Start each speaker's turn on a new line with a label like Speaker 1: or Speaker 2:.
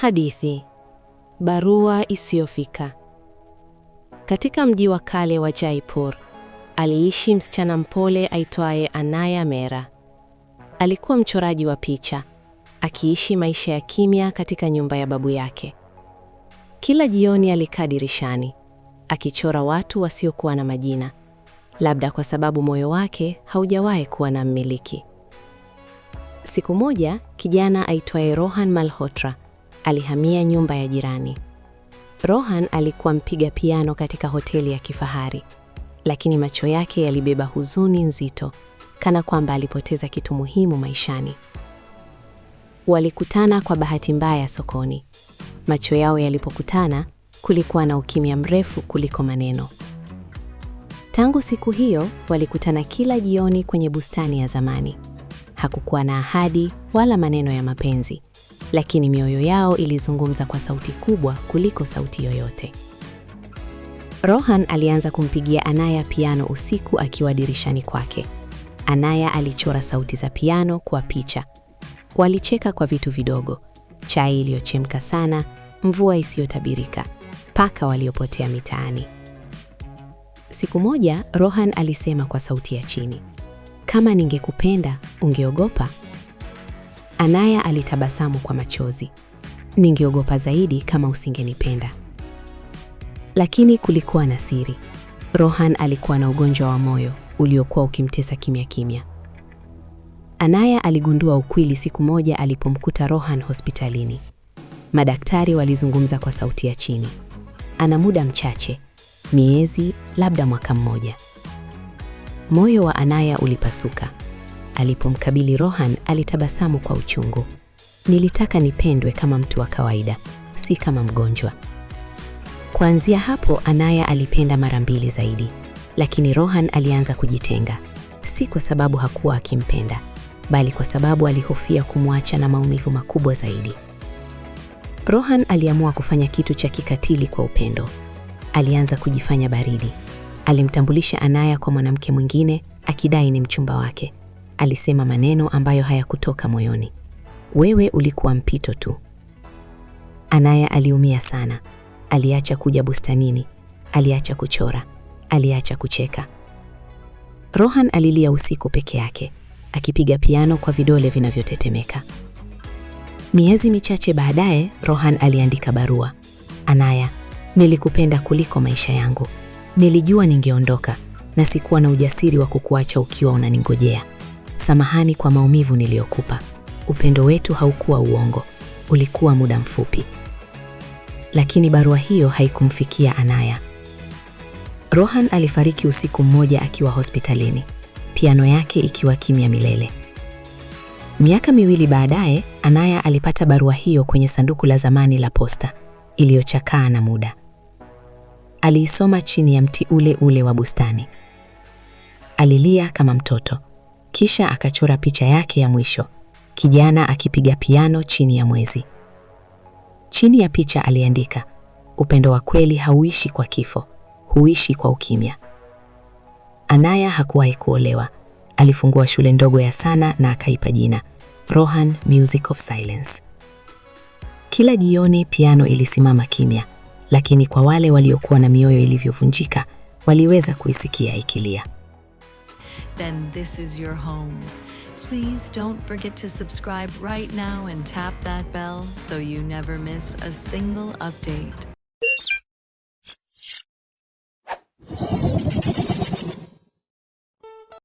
Speaker 1: Hadithi: barua isiyofika. Katika mji wa kale wa Jaipur aliishi msichana mpole aitwaye Anaya Mera. Alikuwa mchoraji wa picha, akiishi maisha ya kimya katika nyumba ya babu yake. Kila jioni alikaa dirishani akichora watu wasiokuwa na majina, labda kwa sababu moyo wake haujawahi kuwa na mmiliki. Siku moja kijana aitwaye Rohan Malhotra alihamia nyumba ya jirani. Rohan alikuwa mpiga piano katika hoteli ya kifahari, lakini macho yake yalibeba huzuni nzito, kana kwamba alipoteza kitu muhimu maishani. Walikutana kwa bahati mbaya sokoni. Macho yao yalipokutana, kulikuwa na ukimya mrefu kuliko maneno. Tangu siku hiyo, walikutana kila jioni kwenye bustani ya zamani. Hakukuwa na ahadi wala maneno ya mapenzi, lakini mioyo yao ilizungumza kwa sauti kubwa kuliko sauti yoyote. Rohan alianza kumpigia Anaya piano usiku akiwa dirishani kwake. Anaya alichora sauti za piano kwa picha. Walicheka kwa vitu vidogo: chai iliyochemka sana, mvua isiyotabirika, paka waliopotea mitaani. Siku moja Rohan alisema kwa sauti ya chini, kama ningekupenda ungeogopa? Anaya alitabasamu kwa machozi. Ningeogopa zaidi kama usingenipenda. Lakini kulikuwa na siri. Rohan alikuwa na ugonjwa wa moyo uliokuwa ukimtesa kimya kimya. Anaya aligundua ukweli siku moja alipomkuta Rohan hospitalini. Madaktari walizungumza kwa sauti ya chini. Ana muda mchache, miezi labda mwaka mmoja. Moyo wa Anaya ulipasuka. Alipomkabili Rohan alitabasamu kwa uchungu. Nilitaka nipendwe kama mtu wa kawaida, si kama mgonjwa. Kuanzia hapo, Anaya alipenda mara mbili zaidi, lakini Rohan alianza kujitenga, si kwa sababu hakuwa akimpenda, bali kwa sababu alihofia kumwacha na maumivu makubwa zaidi. Rohan aliamua kufanya kitu cha kikatili kwa upendo. Alianza kujifanya baridi. Alimtambulisha Anaya kwa mwanamke mwingine akidai ni mchumba wake alisema maneno ambayo hayakutoka moyoni. Wewe ulikuwa mpito tu. Anaya aliumia sana. Aliacha kuja bustanini, aliacha kuchora, aliacha kucheka. Rohan alilia usiku peke yake, akipiga piano kwa vidole vinavyotetemeka. Miezi michache baadaye, Rohan aliandika barua. Anaya, nilikupenda kuliko maisha yangu. Nilijua ningeondoka na sikuwa na ujasiri wa kukuacha ukiwa unaningojea samahani kwa maumivu niliyokupa. Upendo wetu haukuwa uongo, ulikuwa muda mfupi. Lakini barua hiyo haikumfikia Anaya. Rohan alifariki usiku mmoja akiwa hospitalini, piano yake ikiwa kimya milele. Miaka miwili baadaye, Anaya alipata barua hiyo kwenye sanduku la zamani la posta, iliyochakaa na muda. Aliisoma chini ya mti ule ule wa bustani. Alilia kama mtoto kisha akachora picha yake ya mwisho, kijana akipiga piano chini ya mwezi. Chini ya picha aliandika, upendo wa kweli hauishi kwa kifo, huishi kwa ukimya. Anaya hakuwahi kuolewa. Alifungua shule ndogo ya sanaa na akaipa jina Rohan Music of Silence. Kila jioni piano ilisimama kimya, lakini kwa wale waliokuwa na mioyo ilivyovunjika waliweza kuisikia ikilia. then this is your home. Please don't forget to subscribe right now and tap that bell so you never miss a single update.